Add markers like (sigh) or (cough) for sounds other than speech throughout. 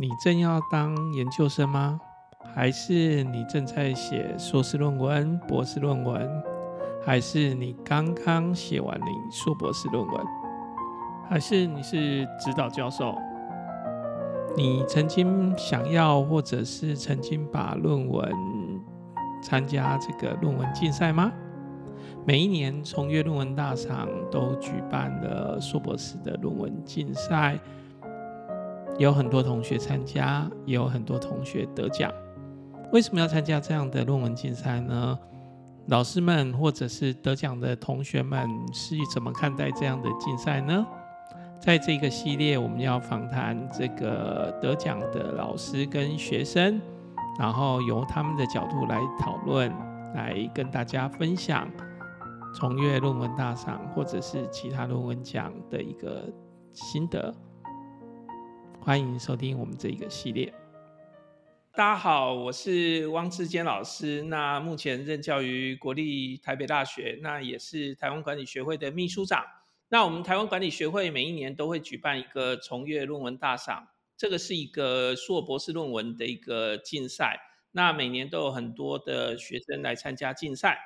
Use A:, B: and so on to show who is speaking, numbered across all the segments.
A: 你正要當研究生嗎？還是你正在寫碩士論文，博士論文？還是你剛剛寫完你碩博士論文？還是你是指導教授？你曾經想要，或者是曾經把論文參加這個論文競賽嗎？每一年，崇越論文大賞都舉辦了碩博士的論文競賽。有很多同學參加，也有很多同學得獎。為什麼要參加這樣的論文競賽呢？老師們或者是得獎的同學們是怎麼看待這樣的競賽呢？在這個系列，我們要訪談這個得獎的老師跟學生，然後由他們的角度來討論，來跟大家分享崇越論文大賞或者是其他論文獎的一個心得。歡迎收聽我們這一個系列。大家好，我是汪志堅老師。那目前任教於國立台北大學，那也是台灣管理學會的秘書長。那我們台灣管理學會每一年都會舉辦一個崇越論文大賞，這個是一個碩博士論文的一個競賽。那每年都有很多的學生來參加競賽。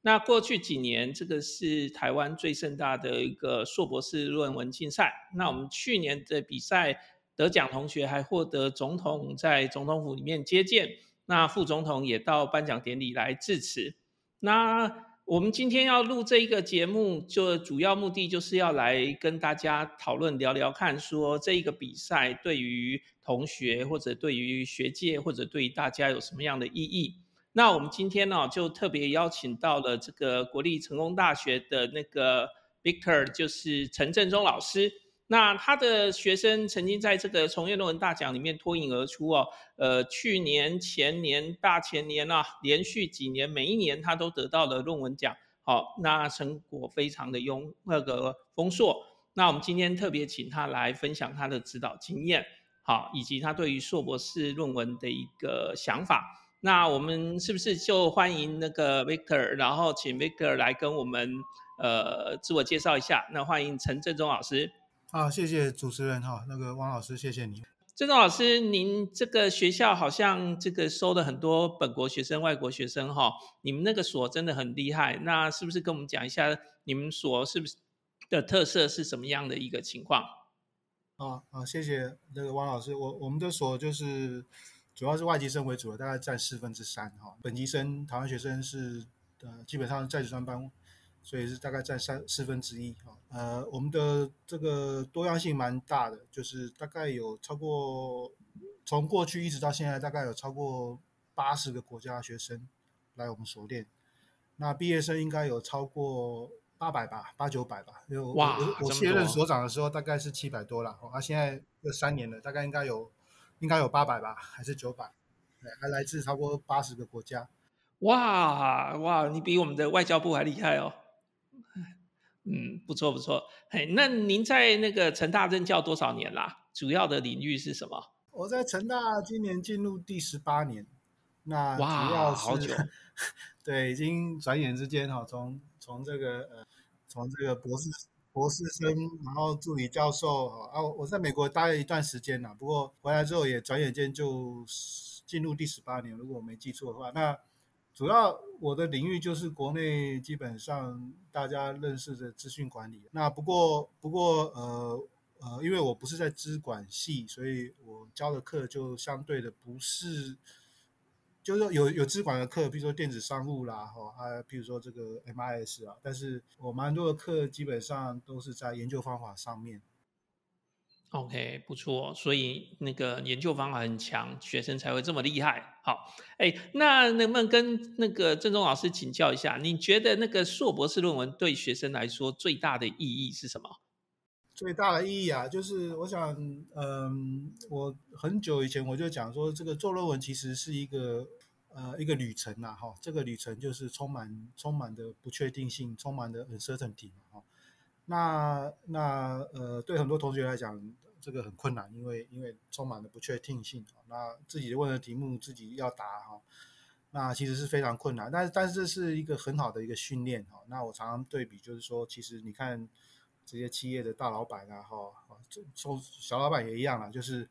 A: 那過去幾年，這個是台灣最盛大的一個碩博士論文競賽。那我們去年的比賽，得獎同學還獲得總統在總統府裡面接見，那副總統也到頒獎典禮來致辭。那我們今天要錄這一個節目，就主要目的就是要來跟大家討論聊聊看，說這一個比賽對於同學或者對於學界或者對於大家有什麼樣的意義。那我們今天呢，就特別邀請到了這個國立成功大學的那個 Victor，就是陳正忠老師。那他的學生曾經在這個崇越論文大賞裡面脫穎而出哦，呃，去年、前年、大前年啊，連續幾年每一年他都得到了論文獎，好，那成果非常的優，那個豐碩。那我們今天特別請他來分享他的指導經驗，好，以及他對於碩博士論文的一個想法。那我們是不是就歡迎那個 Victor，然後請 Victor 來跟我們呃自我介紹一下？那歡迎陳正忠老師。
B: 好、啊，謝謝主持人哈、哦。那個汪老師，謝謝你，鄭
A: 總老師，您這個學校好像這個收了很多本國學生、外國學生哈、哦。你們那個所真的很厲害，那是不是跟我們講一下你們所是不是的特色是什麼樣的一個情況？
B: 啊、哦、啊，謝謝那個汪老師，我我們的所就是主要是外籍生為主的，大概占四分之三哈、哦。本籍生、台灣學生是的、呃，基本上在職專班。所以是大概占三四分之一啊、哦，呃，我們的這個多樣性蠻大的，就是大概有超過，從過去一直到現在，大概有超過八十個國家的學生來我們所練。那畢業生應該有超過八百吧，八九百吧。有哇，因為我、啊、我前任所長的時候大概是七百多了，他、啊、現在又三年了，大概應該有
A: 應該有八百吧，還是
B: 九百，還來自超過八十個國家。
A: 哇哇，你比我們的外交部還厲害哦！嗯，不錯不錯。嘿、hey，那您在那個成大任教多少年啦？主要的領域是什麼？
B: 我在成大今年進入第十八年，那主要是哇，好久，對，已經轉眼之間哈，從從這個呃，從這個博士博士生，對然後助理教授啊，我在美國待了一段時間啦，不過回來之後也轉眼間就進入第十八年，如果我沒記錯的話，那。主要我的領域就是國內基本上大家認識的資訊管理。那不過不過呃呃，因為我不是在資管系，所以我教的課就相對的不是，就是有有資管的課，比如說電子商務啦，哈，啊，譬如說這個 MIS 啊。但是我蠻多的課基本上都是在研究方法上面。
A: OK，不錯，所以那個研究方法很強，學生才會這麼厲害。好，哎，那能不能跟那個正忠老師請教一下？你覺得那個碩博士論文對學生來說最大的意義是什麼？
B: 最大的意義啊，就是我想，嗯、呃，我很久以前我就講說，這個做論文其實是一個呃一個旅程吶、啊，哈、哦，這個旅程就是充滿充滿的不確定性，充滿的 uncertainty。那那呃，對很多同學來講，這個很困難，因為因為充滿了不確定性。那自己問的題目，自己要答哈，那其實是非常困難。但是但是這是一個很好的一個訓練哈。那我常常對比，就是說，其實你看這些企業的大老闆啊哈，從小老闆也一樣啊，就是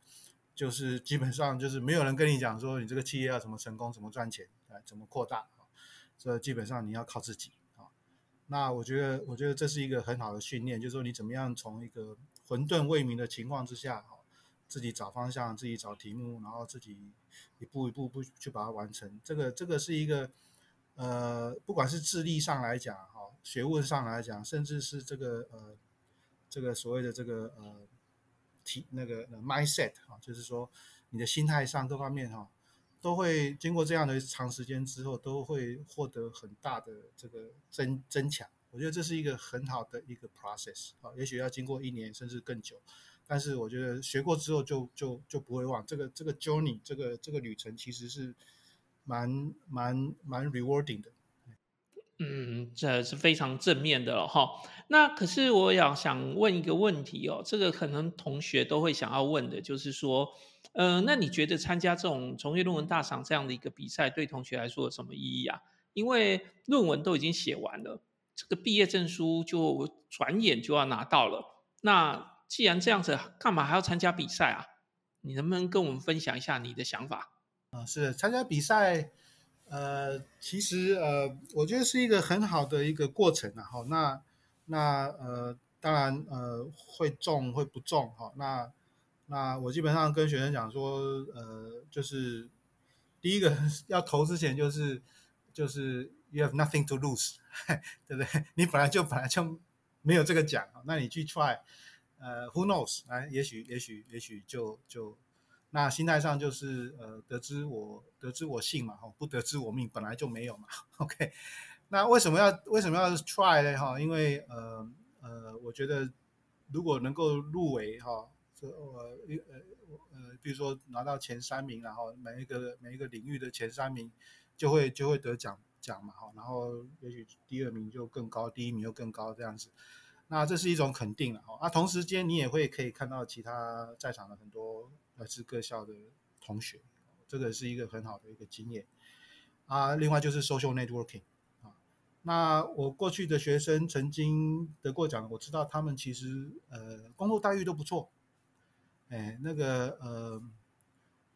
B: 就是基本上就是沒有人跟你講說，你這個企業要怎麼成功，怎麼賺錢，怎麼擴大，這基本上你要靠自己。那我覺得，我覺得這是一個很好的訓練，就是說你怎麼樣從一個混沌未明的情況之下，自己找方向，自己找題目，然後自己一步一步步去把它完成。這個，這個是一個，呃，不管是智力上來講，哈，學問上來講，甚至是這個，呃，這個所謂的這個，呃，體那個 mindset 哈，呃，就是說你的心態上各方面哈。都會經過這樣的長時間之後，都會獲得很大的這個增增強。我覺得這是一個很好的一個 process 啊，也許要經過一年甚至更久，但是我覺得學過之後就就就不會忘。這個這個 journey，這個這個旅程其實是蠻蠻蠻 rewarding
A: 的。嗯，這是非常正面的了、哦、哈。那可是我要想問一個問題哦，這個可能同學都會想要問的，就是說，呃，那你覺得參加這種崇越論文大賞這樣的一個比賽，對同學來說有什麼意義啊？因為論文都已經寫完了，這個畢業證書就轉眼就要拿到了。那既然這樣子，幹嘛還要參加比賽啊？你能不能跟我們分享一下你的想法
B: 啊？是參加比賽。呃，其實呃，我覺得是一個很好的一個過程啊。好、哦，那那呃，當然呃，會中會不中哈、哦。那那我基本上跟學生講說，呃，就是第一個要投之前，就是就是 you have nothing to lose，對不對？你本來就本來就沒有這個獎，那你去 try，呃，who knows？啊，也許也許也許就就。那心態上就是，呃，得之我得之我幸嘛，哦，不得之我命本來就沒有嘛。OK，那為什麼要為什麼要 try 呢？哈，因為呃呃，我覺得如果能夠入圍哈，這我呃呃，比如說拿到前三名，然後每一個每一個領域的前三名就會就會得獎獎嘛，哈，然後也許第二名就更高，第一名又更高這樣子。那這是一種肯定了，哈，那同時間你也會可以看到其他在場的很多，還是各校的同學，哦，這個是一個很好的一個經驗啊。另外就是 social networking 啊。那我過去的學生曾經得過獎，我知道他們其實呃，工作待遇都不錯。哎，那個呃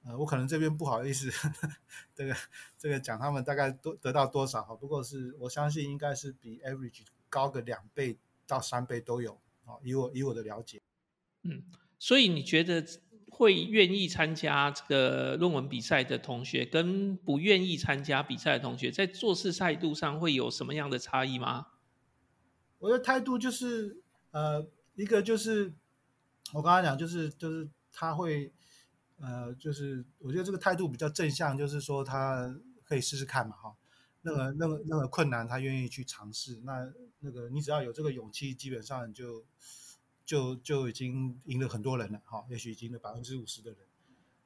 B: 呃，我可能這邊不好意思，呵呵，這個這個講他們大概多得到多少哈？不過是我相信應該是比 average 高個兩倍到三倍都有
A: 啊，哦。以我以我的了解，嗯，所以你覺得？會願意參加這個論文比賽的同學，跟不願意參加比賽的同學，在做事態度上會有什麼樣的差異嗎？
B: 我的態度就是，呃，一個就是我剛才講，就是就是他會，呃，就是我覺得這個態度比較正向，就是說他可以試試看嘛，哈，那個那個那個那個困難他願意去嘗試，那那個你只要有這個勇氣，基本上就。就就已經贏了很多人了，哈，也許贏了百分之五十的人。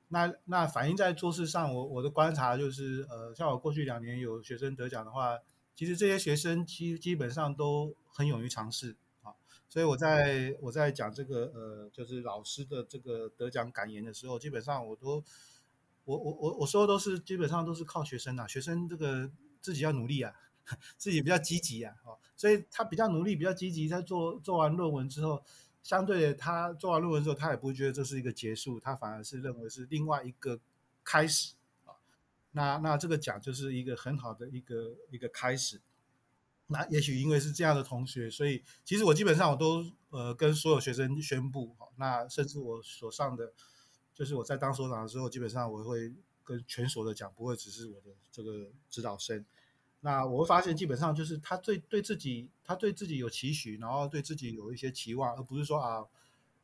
B: 那那反映在做事上，我我的觀察就是，呃，像我過去兩年有學生得獎的話，其實這些學生基基本上都很勇於嘗試啊，哦。所以我在我在講這個呃，就是老師的這個得獎感言的時候，基本上我都我我我我說的都是基本上都是靠學生啊，學生這個自己要努力啊，自己比較積極啊，哦，所以他比較努力，比較積極，在做做完論文之後。相對的，他做完論文之後，他也不會覺得這是一個結束，他反而是認為是另外一個開始啊。那那這個獎就是一個很好的一個一個開始。那也許因為是這樣的同學，所以其實我基本上我都呃跟所有學生宣布，那甚至我所上的，就是我在當所長的時候，基本上我會跟全所的講，不會只是我的這個指導生。那我會發現，基本上就是他對對自己，他對自己有期許，然後對自己有一些期望，而不是說啊，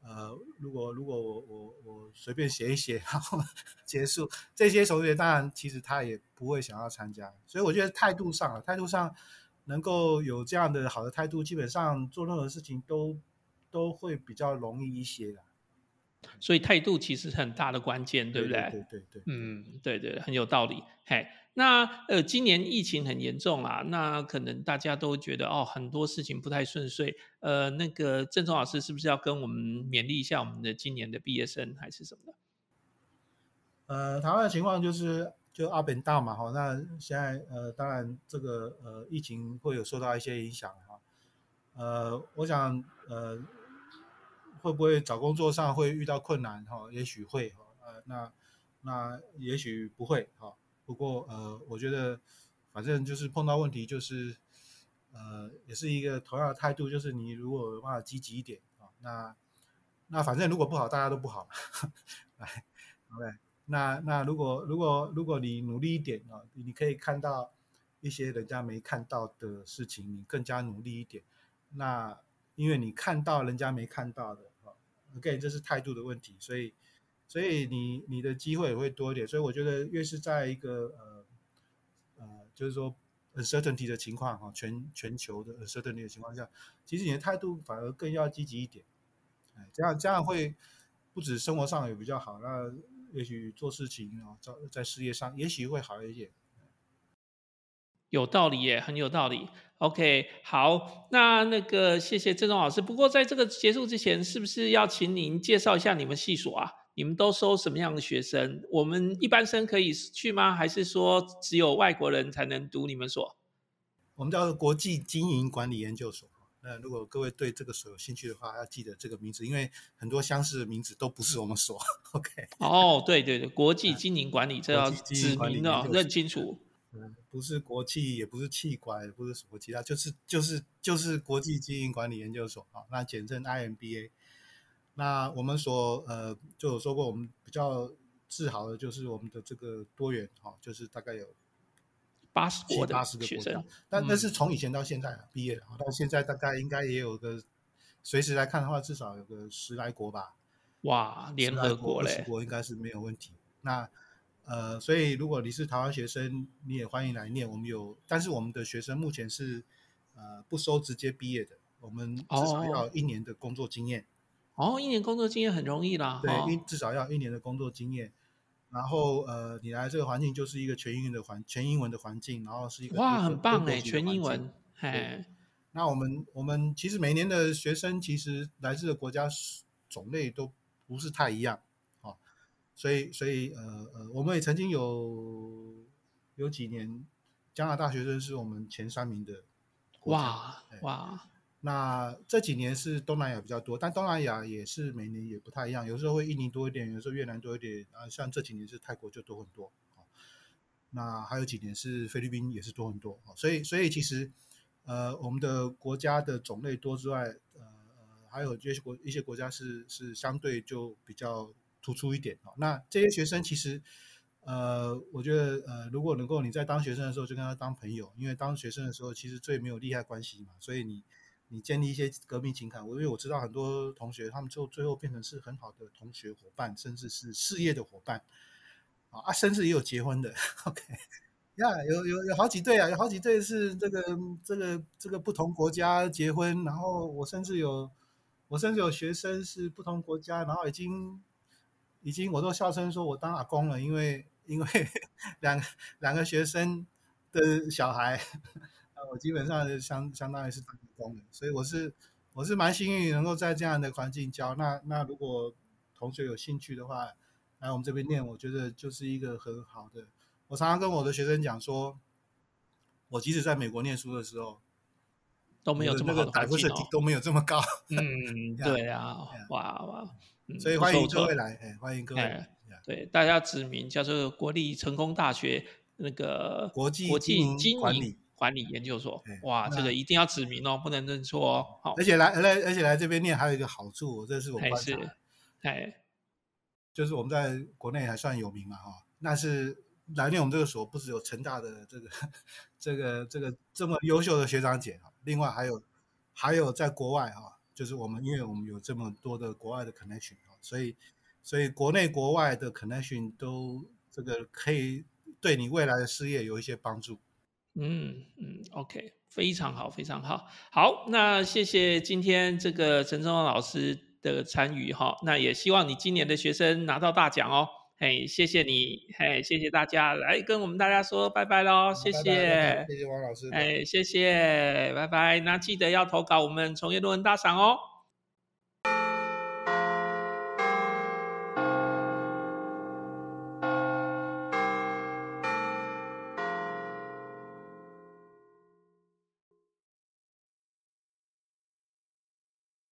B: 呃，如果如果我我我隨便寫一寫，然後結束。這些同學當然其實他也不會想要參加，所以我覺得態度上啊，態度上能夠有這樣的好的態度，基本上做任何事情都都會比較容易一些啦。
A: 所以態度其實很大的關鍵，對不對？對對對，對。嗯，對對，很有道理，嘿。那呃，今年疫情很嚴重啊，那可能大家都覺得哦，很多事情不太順遂。呃，那個正忠老師是不是要跟我們勉勵一下我們的今年的畢業生，還是什麼的？
B: 呃，台灣的情況就是就 up and down 嘛，好、哦、那現在呃，當然這個呃疫情會有受到一些影響哈、哦。呃，我想呃會不會找工作上會遇到困難哈、哦？也許會哈、哦，呃，那那也許不會哈。哦不過呃，我覺得反正就是碰到問題，就是呃，也是一個同樣的態度，就是你如果要積極一點啊，那那反正如果不好，大家都不好， (laughs) 來，OK？那那如果如果如果你努力一點啊，你可以看到一些人家沒看到的事情，你更加努力一點，那因為你看到人家沒看到的啊，OK？這是態度的問題，所以。所以你你的機會也會多一點，所以我覺得越是在一個呃呃，就是說 uncertainty 的情況哈，全全球的 uncertainty 的情況下，其實你的態度反而更要積極一點，哎，這樣這樣會不止生活上也比較好，那也許做事情啊，在、哦、在事業上也許會好一點。哎、
A: 有道理耶，很有道理。OK，好，那那個謝謝正忠老師。不過在這個結束之前，是不是要請您介紹一下你們系所啊？你們都收什麼樣的學生？我們一般生可以去嗎？還是說只有外國人才能讀你們所？
B: 我們叫做國際經營管理研究所。那如果各位對這個所有興趣的話，要記得這個名字，因為很多相似的名字都不是我們所。嗯、OK。
A: 哦，對對對，國際經營管理，嗯、這要指明哦，認清楚。嗯、不是
B: 國際，也不是企管，也不是什麼其他，就是就是就是國際經營管理研究所啊。那簡稱 IMBA。那我們所呃就有說過，我們比較自豪的，就是我們的這個多元哈、哦，就是大概有七
A: 八十個國 ,80 國的學生，
B: 啊，嗯、但但是從以前到現在畢業了到現在，大概應該也有個隨時來看的話，至少有個十來國吧。哇，聯合國十國、十國應該是沒有問題。嗯、那呃，所以如果你是台灣學生，你也歡迎來念。我們有，但是我們的學生目前是呃不收直接畢業的，我們至少要一年的工作經驗。哦哦，oh, 一年工作經驗很容易啦。對，哦，至少要一年的工作經驗。然後，呃，你來這個環境就是一個全英文的環，全英文的環境，然後是一個哇，很棒誒、欸，全英文。哎，那我們我們其實每年的學生其實來自的國家種類都不是太一樣，哦，所以所以呃呃，我們也曾經有有幾年加拿大學生是我們前三名的。
A: 哇哇。對哇
B: 那這幾年是東南亞比較多，但東南亞也是每年也不太一樣，有時候會印尼多一點，有時候越南多一點，啊，像這幾年是泰國就多很多，那還有幾年是菲律賓也是多很多，所以所以其實，呃，我們的國家的種類多之外，呃還有這些國一些國家是是相對就比較突出一點，那這些學生其實，呃，我覺得呃，如果能夠你在當學生的時候就跟他當朋友，因為當學生的時候其實最沒有利害關係嘛，所以你。你建立一些革命情感，我因為我知道很多同學，他們就最後變成是很好的同學夥伴，甚至是事業的夥伴啊，啊甚至也有結婚的。OK，你、yeah, 看有有有好幾對啊，有好幾對是這個這個這個不同國家結婚，然後我甚至有我甚至有學生是不同國家，然後已經已經我都笑稱說我當阿公了，因為因為兩兩個學生的小孩。我基本上相相當於是打工的，所以我是我是蠻幸運，能夠在這樣的環境教。那那如果同學有興趣的話，來我們這邊念，嗯、我覺得就是一個很好的。我常常跟我的學生講說，我即使在美國念書的時候，都沒有這麼的、哦、的那都沒有這麼高。嗯, (laughs) 嗯，對啊，哇、嗯
A: 啊、哇，哇嗯、所以歡迎各位來，哎走、欸，歡迎各位來。對，大家指名叫做國立成功大學那個國際國際經營管理。管理研究所，對哇，那這個一定要指明哦，不能認錯哦。對好，而且來，而
B: 且而且來這邊念還有一個好處，這是我觀察的，是就是我們在國內還算有名嘛，哈，那是來念我們這個所，不只有成大的、這個、這個、這個、這個這麼優秀的學長姐啊，另外還有還有在國外哈、啊，就是我們因為我們有這麼多的國外的 connection、啊、所以所以國內國外的 connection 都這個可以對你未來的事業有一些幫助。
A: 嗯嗯，OK，非常好，非常好。好，那謝謝今天這個陳正忠老師的參與哈、哦。那也希望你今年的學生拿到大獎哦。嘿，謝謝你，嘿，謝謝大家來跟我們大家說拜拜嘍。嗯、謝謝拜拜拜拜，謝謝汪老師，哎，謝謝，拜拜。那記得要投稿我們崇越論文大賞哦。